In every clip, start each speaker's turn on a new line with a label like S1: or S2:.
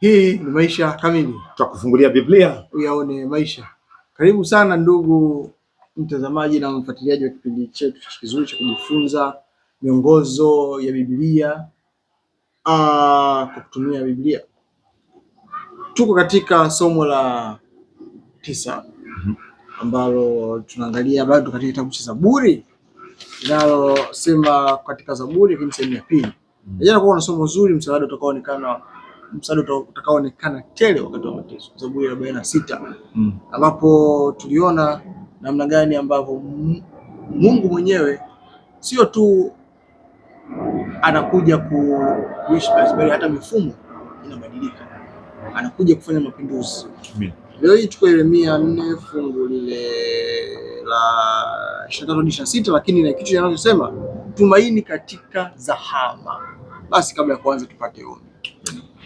S1: Hii ni Maisha Kamili,
S2: tutakufungulia Biblia
S1: uyaone maisha. Karibu sana ndugu mtazamaji na mfuatiliaji wa kipindi chetu kizuri cha kujifunza miongozo ya Biblia ah, kwa kutumia Biblia. Tuko katika somo la tisa mhm. ambalo tunaangalia bado katika kitabu cha Zaburi linalosema katika Zaburi lakini sehemu ya pili. Mhm. Jana kuwa na somo zuri, msaada utakaoonekana msaada utakaoonekana tele wakati wa mateso, Zaburi ya arobaini na sita mm. ambapo tuliona namna gani ambavyo Mungu mwenyewe sio tu anakuja kuishi basi, hata mifumo inabadilika, anakuja kufanya mapinduzi. Leo hii tuko Yeremia nne fungu lile la ishirini na tatu ishirini na sita lakini na kitu kinachosema tumaini katika zahama. Basi kabla ya kuanza tupate ombi.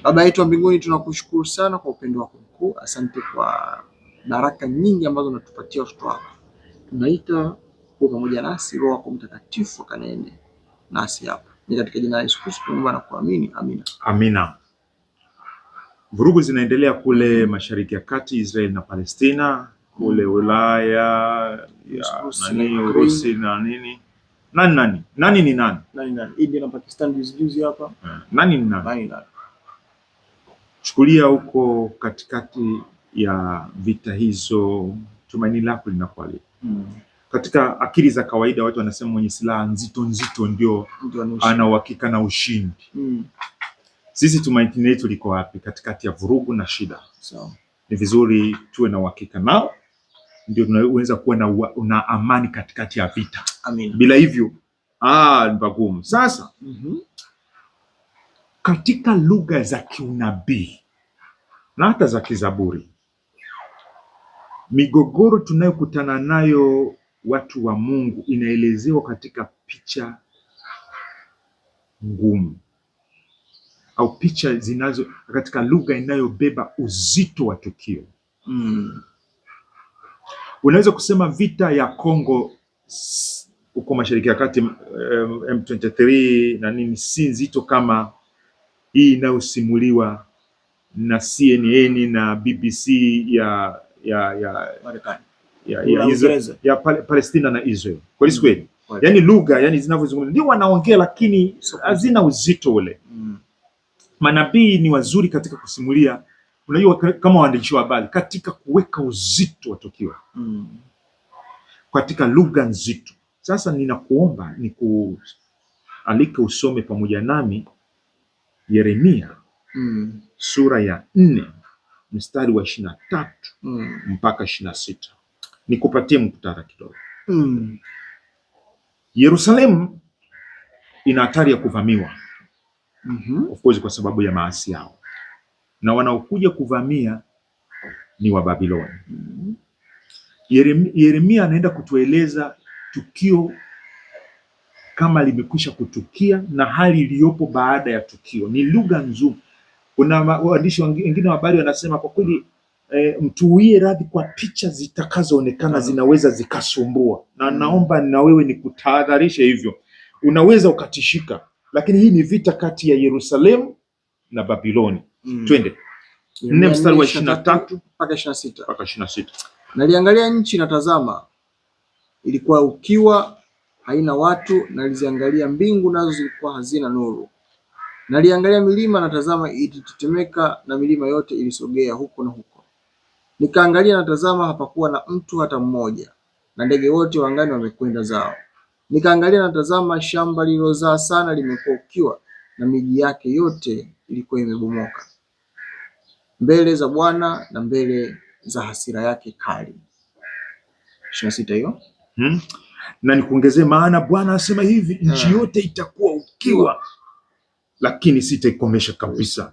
S1: Baba yetu wa mbinguni, tunakushukuru sana kwa upendo wako mkuu. Asante kwa baraka nyingi ambazo unatupatia watoto wako. Tunaita kuwa pamoja nasi, Roho wako Mtakatifu akanene nasi hapa. Ni katika jina la Yesu Kristo tunaomba na kuamini, amina.
S2: Amina. Vurugu zinaendelea kule Mashariki ya Kati, Israel na Palestina, kule mm. Ulaya ya nani, Urusi na nini nani nani nani ni nani
S1: nani nani India na Pakistan juzi juzi hapa
S2: eh, nani ni nani nani nani Chukulia huko katikati ya vita hizo, tumaini lako linakuwa lipi? mm. Katika akili za kawaida watu wanasema mwenye silaha nzito nzito ndio ana uhakika na ushindi. mm. Sisi tumaini letu liko wapi katikati ya vurugu na shida? so. Ni vizuri tuwe na uhakika nao, ndio tunaweza kuwa na, na amani katikati ya vita. Amina. Bila hivyo ah, ni pagumu sasa. mm -hmm katika lugha za kiunabii na hata za kizaburi. Migogoro tunayokutana nayo watu wa Mungu inaelezewa katika picha ngumu au picha zinazo katika lugha inayobeba uzito wa tukio mm. Unaweza kusema vita ya Kongo huko Mashariki ya Kati, eh, M23 na nini, si nzito kama hii inayosimuliwa na CNN na BBC ya ya ya Marekani ya, ya, Israel, ya pal Palestina na Israel mm. kweli kweli mm. Yaani lugha yani zinavyozungumza ndio wanaongea, lakini hazina uzito ule mm. Manabii ni wazuri katika kusimulia, unajua kama waandishi wa habari, katika kuweka uzito wa tukio mm. katika lugha nzito. Sasa ninakuomba ni nikualike usome pamoja nami Yeremia mm. sura ya nne mstari wa ishirini na tatu mm. mpaka ishirini na sita Nikupatie muktadha kidogo mm. Yerusalemu ina hatari ya kuvamiwa mm -hmm. of course kwa sababu ya maasi yao, na wanaokuja kuvamia ni Wababiloni mm -hmm. Yeremia anaenda kutueleza tukio kama limekwisha kutukia na hali iliyopo baada ya tukio. Ni lugha nzuri. Kuna waandishi wengine wa habari wanasema kwa kweli E, mtuwie radhi kwa picha zitakazoonekana mm. zinaweza zikasumbua, na mm. naomba na wewe ni kutahadharisha hivyo. Unaweza ukatishika, lakini hii ni vita kati ya Yerusalemu na Babiloni. Mm. Twende nne mstari wa ishirini na tatu
S1: mpaka ishirini na sita. Naliangalia nchi natazama, ilikuwa ukiwa haina watu, naliziangalia mbingu, nazo zilikuwa hazina nuru. Naliangalia milima, natazama ilitetemeka, na milima yote ilisogea huko na huko. Nikaangalia, tazama hapakuwa na mtu hata mmoja, na ndege wote wangani wamekwenda zao. Nikaangalia, tazama shamba lililozaa sana limekuwa ukiwa, na miji yake yote ilikuwa imebomoka mbele za Bwana na mbele za hasira yake kali. ishirini na sita hiyo
S2: hmm na nikuongezee, maana Bwana asema hivi, hmm. nchi yote itakuwa ukiwa, lakini sitaikomesha kabisa.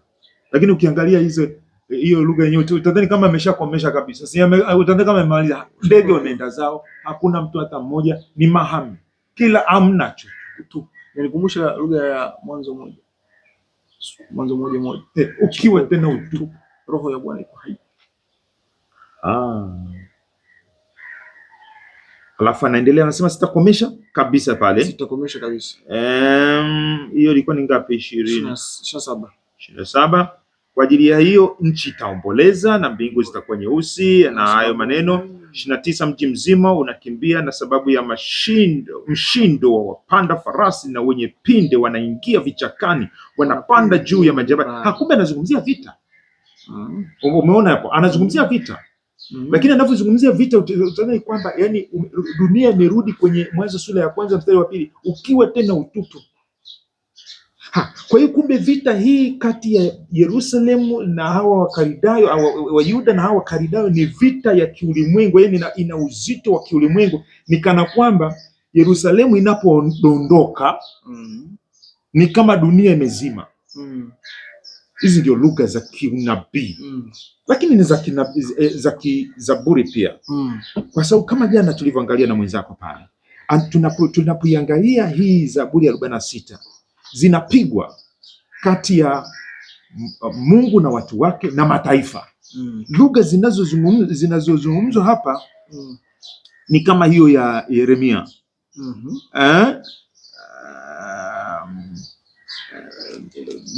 S2: Lakini ukiangalia hizo hiyo lugha yenyewe utadhani kama ameshakomesha kabisa, si utadhani kama amemaliza. Ndege wanaenda zao, hakuna mtu hata mmoja, ni mahami kila amnacho tu.
S1: Nikumbusha lugha ya Mwanzo moja Mwanzo moja moja, eh, ukiwa tena utu, roho ya Bwana iko hai
S2: ah alafu anaendelea anasema sitakomesha kabisa pale, sitakomesha kabisa. Hiyo ilikuwa ni ngapi? ishirini na saba. Kwa ajili ya hiyo nchi itaomboleza na mbingu zitakuwa nyeusi, na hayo maneno ishirini na tisa. Mji mzima unakimbia na sababu ya mashindo, mshindo wa wapanda farasi na wenye pinde wanaingia vichakani, wanapanda juu ya majabali. Hakumbe anazungumzia vita, umeona hapo, anazungumzia vita Mm -hmm. Lakini anapozungumzia vita utaona kwamba yani dunia imerudi kwenye Mwanzo sura ya kwanza mstari wa pili ukiwa tena utupu. Ha, kwa hiyo kumbe vita hii kati ya Yerusalemu na hawa Wakaridayo au Wayuda na hawa Wakaridayo ni vita ya kiulimwengu, yani ina uzito wa kiulimwengu. Ni kana kwamba Yerusalemu inapodondoka mm -hmm. ni kama dunia imezima mm -hmm. Hizi ndio lugha za kiunabii mm. Lakini ni za eh, za kizaburi pia mm. Kwa sababu kama jana tulivyoangalia na mwenzako pale, tunapoiangalia hii Zaburi ya arobaini na sita zinapigwa kati ya Mungu na watu wake na mataifa mm. Lugha zinazozungumzwa hapa mm. ni kama hiyo ya Yeremia mm -hmm. eh? um, Eh,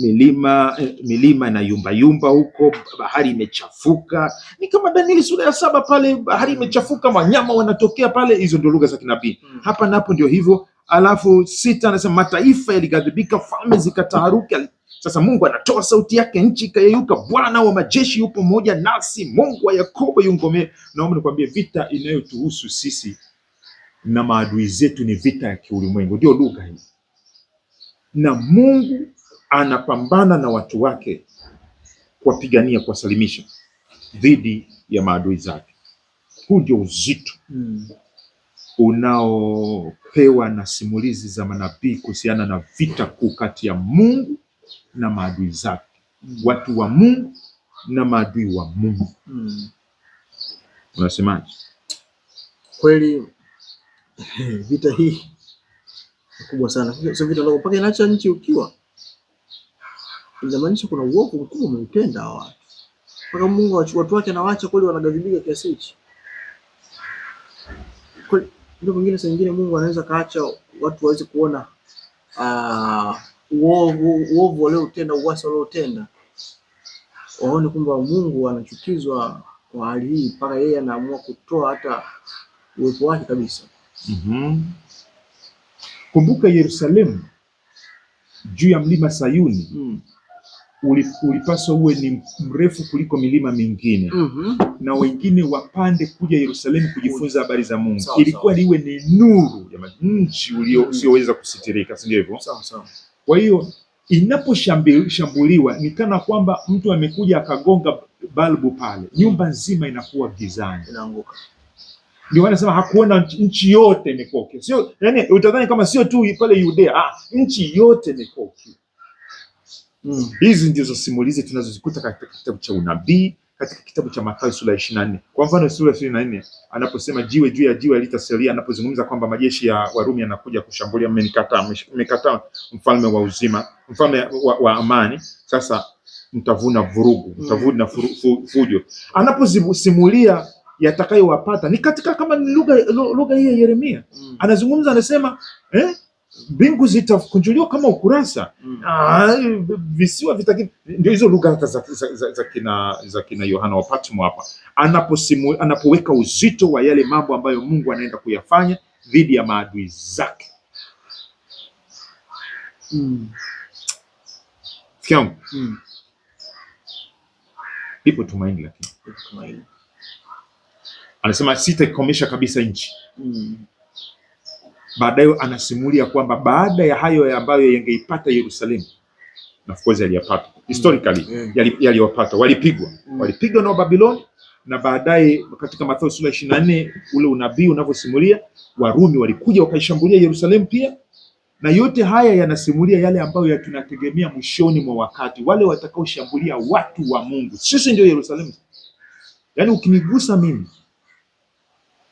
S2: milima eh, milima na yumba yumba huko, bahari imechafuka. Ni kama Danieli sura ya saba pale, bahari imechafuka, wanyama wanatokea pale. Hizo ndio lugha za kinabii hmm. Hapa napo ndio hivyo. Alafu sita anasema mataifa yaligadhibika, falme zikataharuka. Sasa Mungu anatoa sauti yake, nchi ikayeyuka. Bwana wa majeshi yupo pamoja nasi, Mungu wa Yakobo yungomee. Naomba nikwambie, vita inayotuhusu sisi na maadui zetu ni vita ya kiulimwengu, ndio lugha hii na Mungu anapambana na watu wake kuwapigania, kuwasalimisha dhidi ya maadui zake. Huu ndio uzito mm. unaopewa na simulizi za manabii kuhusiana na vita kuu kati ya Mungu na maadui zake, mm. watu wa Mungu na maadui wa Mungu. mm. unasemaje?
S1: Kweli vita hii kubwa sana. Sio vita ndio mpaka inaacha nchi ukiwa, inamaanisha kuna uovu mkubwa umetenda hawa watu, mpaka Mungu watu wake anawaacha kweli, wanagadhibika kiasi hichi. Ndio mwingine, saa nyingine Mungu anaweza kaacha watu waweze kuona uh, uovu uovu waliotenda, uasi waliotenda, waone kwamba Mungu anachukizwa kwa hali hii, mpaka yeye anaamua kutoa hata uwepo wake kabisa.
S2: Mhm. mm Kumbuka Yerusalemu juu ya mlima Sayuni mm. ulipaswa uwe ni mrefu kuliko milima mingine mm -hmm. na wengine wapande kuja Yerusalemu kujifunza habari za Mungu sao, ilikuwa liwe ni nuru ya nchi mm-hmm. usioweza kusitirika, si hivyo? Kwa hiyo inaposhambuliwa ni kana kwamba mtu amekuja akagonga balbu pale, nyumba nzima inakuwa gizani, inaanguka. Ndio wanasema hakuona nchi yote imekuwa sio yani, utadhani kama sio tu pale Yudea. Ah, nchi yote imekuwa ukiwa. Mm, hizi ndizo simulizi tunazozikuta katika kitabu cha unabii katika kitabu cha Mathayo sura ya 24. Kwa mfano sura ya 24 anaposema jiwe juu ya jiwe litasalia, anapozungumza kwamba majeshi ya Warumi yanakuja kushambulia, mmenikataa, mmekataa mfalme wa uzima, mfalme wa, wa amani, sasa mtavuna vurugu, mtavuna hmm. fujo. Anapozisimulia yatakayowapata ni katika kama lugha lugha hii ya Yeremia mm. Anazungumza anasema eh, mbingu zitakunjuliwa kama ukurasa mm. Ah, visiwa vitaki, ndio hizo lugha hata za, za, za, za kina za kina Yohana wa Patmo hapa anaposimu anapoweka uzito wa yale mambo ambayo Mungu anaenda kuyafanya dhidi ya maadui zake mm. mm. Lipo tumaini
S1: lakini
S2: anasema sitaikomesha kabisa nchi mm. Baadaye anasimulia kwamba baada ya hayo ambayo yangeipata Yerusalemu, na of course aliyapata hmm. historically mm. yaliyopata yali walipigwa mm. walipigwa na Babiloni na baadaye katika Mathayo sura ishirini na nne ule unabii unavyosimulia Warumi walikuja wakaishambulia Yerusalemu pia, na yote haya yanasimulia yale ambayo tunategemea mwishoni mwa wakati, wale watakaoshambulia watu wa Mungu. Sisi ndio Yerusalemu, yaani ukinigusa mimi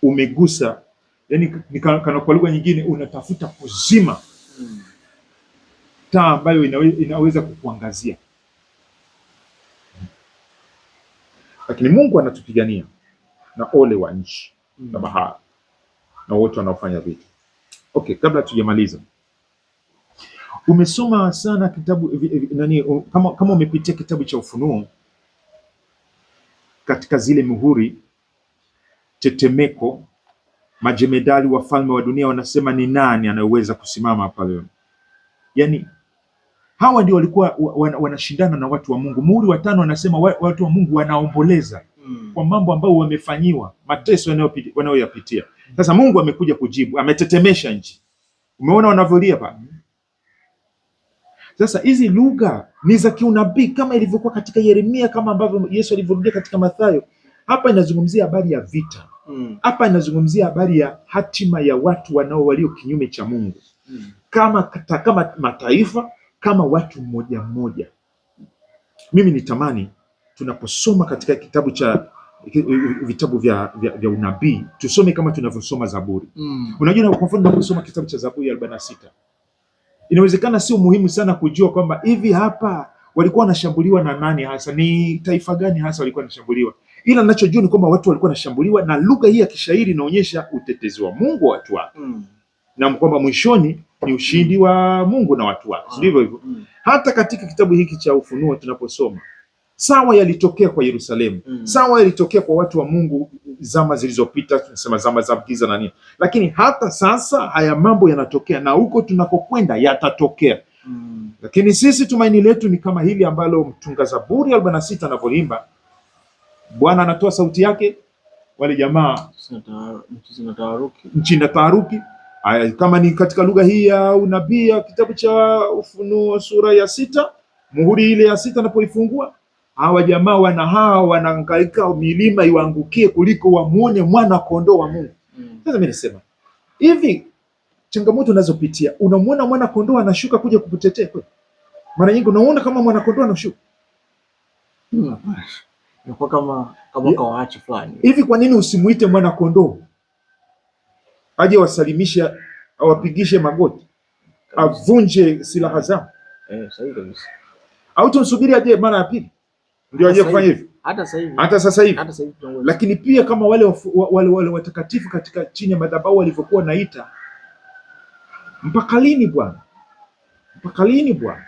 S2: umegusa, yani kana kwa lugha nyingine unatafuta kuzima taa ambayo inaweza, kukuangazia lakini Mungu anatupigania na ole wa nchi na mm. bahari na wote wanaofanya vitu. Okay, kabla tujamaliza, umesoma sana kitabu nani, kama, kama umepitia kitabu cha Ufunuo katika zile muhuri tetemeko, majemedali wafalme wa dunia wanasema ni nani anayeweza kusimama hapa leo? Yani hawa ndio walikuwa wanashindana na watu wa Mungu. Muhuri wa tano anasema watu wa Mungu wanaomboleza hmm, kwa mambo ambayo wamefanyiwa, mateso wanayoyapitia. Sasa Mungu amekuja kujibu, ametetemesha nchi. Umeona wanavyolia pa sasa hizi lugha ni za kiunabii kama ilivyokuwa katika Yeremia, kama ambavyo Yesu alivyorudia katika Mathayo. Hapa inazungumzia habari ya vita mm. hapa mm. inazungumzia habari ya hatima ya watu wanao walio kinyume cha Mungu mm. kama, kata, kama mataifa kama watu mmoja mmoja. Mimi nitamani tunaposoma katika kitabu cha vitabu vya, vya, vya unabii tusome kama tunavyosoma Zaburi mm. Unajua, kwa mfano unaposoma kitabu cha Zaburi ya arobaini na sita inawezekana sio muhimu sana kujua kwamba hivi hapa walikuwa wanashambuliwa na nani hasa, ni taifa gani hasa walikuwa wanashambuliwa, ila ninachojua ni kwamba watu walikuwa wanashambuliwa na lugha hii ya kishairi inaonyesha utetezi wa Mungu wa watu wake mm. na kwamba mwishoni ni ushindi wa Mungu na watu wake, ndivyo hivyo. Mm. Mm. Hata katika kitabu hiki cha Ufunuo tunaposoma, sawa yalitokea kwa Yerusalemu mm. sawa yalitokea kwa watu wa Mungu zama zilizopita, tunasema zama za giza na nini, lakini hata sasa haya mambo yanatokea na huko tunakokwenda yatatokea mm. lakini sisi tumaini letu ni kama hili ambalo mtunga Zaburi arobaini na anavyoimba Bwana anatoa sauti yake, wale jamaa nchi na taharuki. Aya, kama ni katika lugha hii ya unabii ya kitabu cha Ufunuo sura ya sita muhuri ile ya sita anapoifungua hawa jamaa wana hawa wanaangaika milima iwaangukie kuliko wamuone mwana kondoo wa Mungu. Hmm. Sasa mimi nasema hivi, changamoto unazopitia unamuona mwana kondoo anashuka kuja kukutetea kweli? Mara nyingi unaona kama mwana kondoo anashuka hmm.
S1: Inakuwa kama kama kwa kawaacha fulani
S2: hivi. Kwa nini usimuite mwana kondoo aje wasalimisha, awapigishe magoti, avunje silaha zao?
S1: Eh, sahihi kabisa.
S2: Au tumsubiri aje mara ya pili ndio aje kufanya hivyo? Hata sasa hivi, hata sasa hivi, hata sasa hivi. Lakini pia kama wale wale wale watakatifu katika chini ya madhabahu walivyokuwa naita, mpaka lini Bwana, mpaka lini Bwana?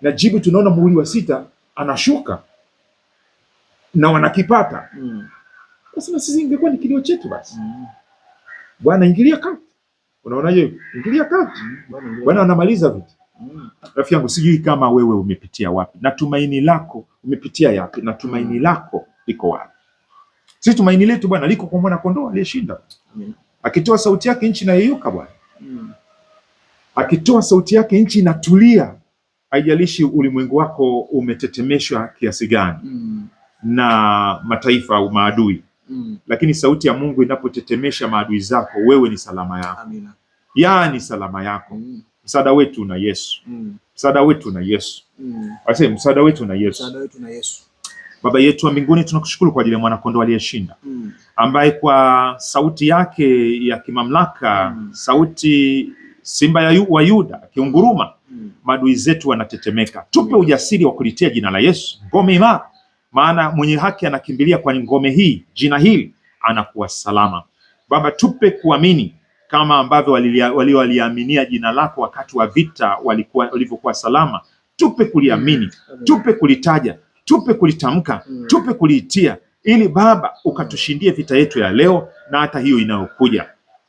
S2: Na jibu tunaona muhuri wa sita anashuka na wanakipata mm. Sasa sisi ingekuwa ni kilio chetu basi mm. Bwana ingilia kati, hiyo, Ingilia kati mm. Bwana anamaliza vitu mm. Rafiki yangu, sijui kama wewe umepitia wapi na tumaini lako umepitia yapi na tumaini mm. lako liko wapi? Sisi tumaini letu Bwana liko kwa mwana kondoo aliyeshinda mm. Akitoa sauti yake nchi inayeyuka Bwana mm. Akitoa sauti yake nchi inatulia, haijalishi ulimwengu wako umetetemeshwa kiasi gani mm na mataifa au maadui mm. Lakini sauti ya Mungu inapotetemesha maadui zako, wewe ni salama yako. Amina. Yaani salama yako mm. Msaada wetu na Yesu mm. Msaada wetu na Yesu mm. Ase, msaada wetu na Yesu, msaada wetu na Yesu. Baba yetu wa mbinguni, tunakushukuru kwa ajili ya mwanakondoo aliyeshinda mm. ambaye kwa sauti yake ya kimamlaka mm. sauti simba ya yu, wa Yuda akiunguruma mm. maadui zetu wanatetemeka. Tupe ujasiri wa kulitia jina la Yesu ngome imara maana mwenye haki anakimbilia kwa ngome hii, jina hili, anakuwa salama. Baba, tupe kuamini kama ambavyo waliaminia jina lako wakati wa vita walikuwa walivyokuwa salama. Tupe kuliamini, tupe kulitaja, tupe kulitamka, tupe kuliitia, ili Baba ukatushindie vita yetu ya leo na hata hiyo inayokuja.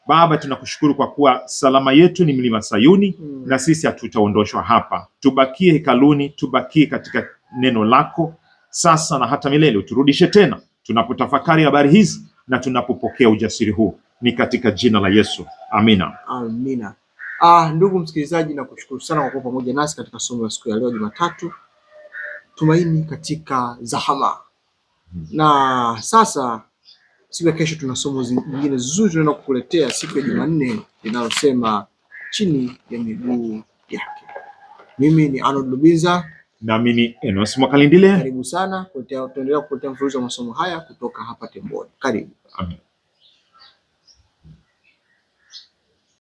S2: Baba, tunakushukuru kwa kuwa salama yetu ni mlima Sayuni na sisi hatutaondoshwa hapa. Tubakie hekaluni, tubakie katika neno lako, sasa na hata milele. Uturudishe tena tunapotafakari habari hizi na tunapopokea ujasiri huu, ni katika jina la Yesu, amina,
S1: amina. Ah, ndugu msikilizaji, nakushukuru sana kwa kuwa pamoja nasi katika somo la siku ya leo Jumatatu, tumaini katika zahama. Hmm. Na sasa siku ya kesho tuna somo zingine zuri tunaenda kukuletea siku ya Jumanne linalosema chini ya miguu yake. Mimi ni Arnold Lubiza.
S2: Naamini Enos Mwakalindile,
S1: karibu sana, tuendelea kukuletea mfululizo wa masomo haya kutoka hapa Temboni. Karibu. Amen.